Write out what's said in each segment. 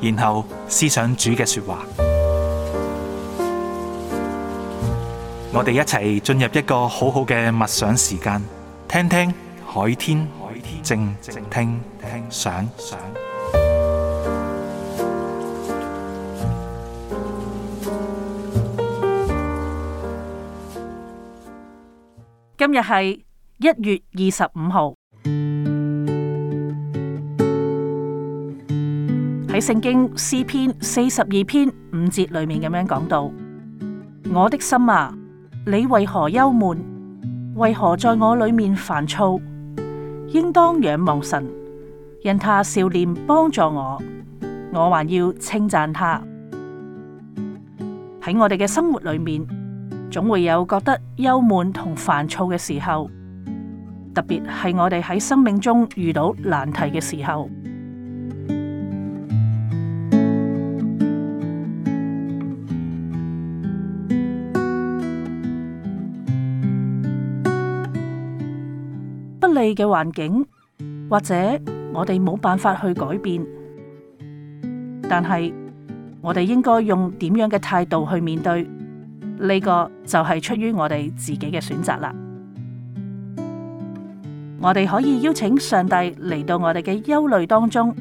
然後思想主嘅說話，我哋一齊進入一個好好嘅默想時間，聽聽海天靜靜聽想。今日係一月二十五號。喺聖經詩篇四十二篇五節裏面咁樣講到：我的心啊，你為何憂悶？為何在我裏面煩躁？應當仰望神，因他笑臉幫助我，我還要稱讚他。喺我哋嘅生活裏面，總會有覺得憂悶同煩躁嘅時候，特別係我哋喺生命中遇到難題嘅時候。嘅環境或者我哋冇辦法去改變，但係我哋應該用點樣嘅態度去面對呢個就係出於我哋自己嘅選擇啦。我哋可以邀請上帝嚟到我哋嘅憂慮當中，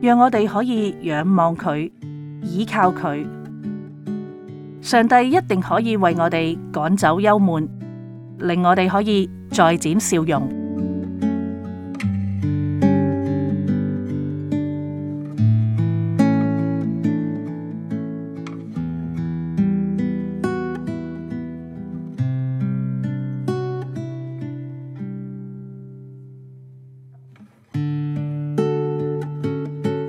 讓我哋可以仰望佢，倚靠佢。上帝一定可以為我哋趕走憂悶，令我哋可以再展笑容。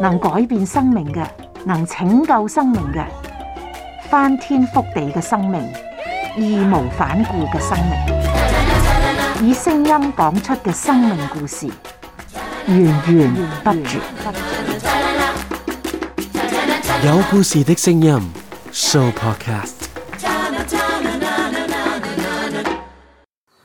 能改變生命嘅，能拯救生命嘅，翻天覆地嘅生命，義無反顧嘅生命，以聲音講出嘅生命故事，源源不絕。有故事的聲音，Show Podcast。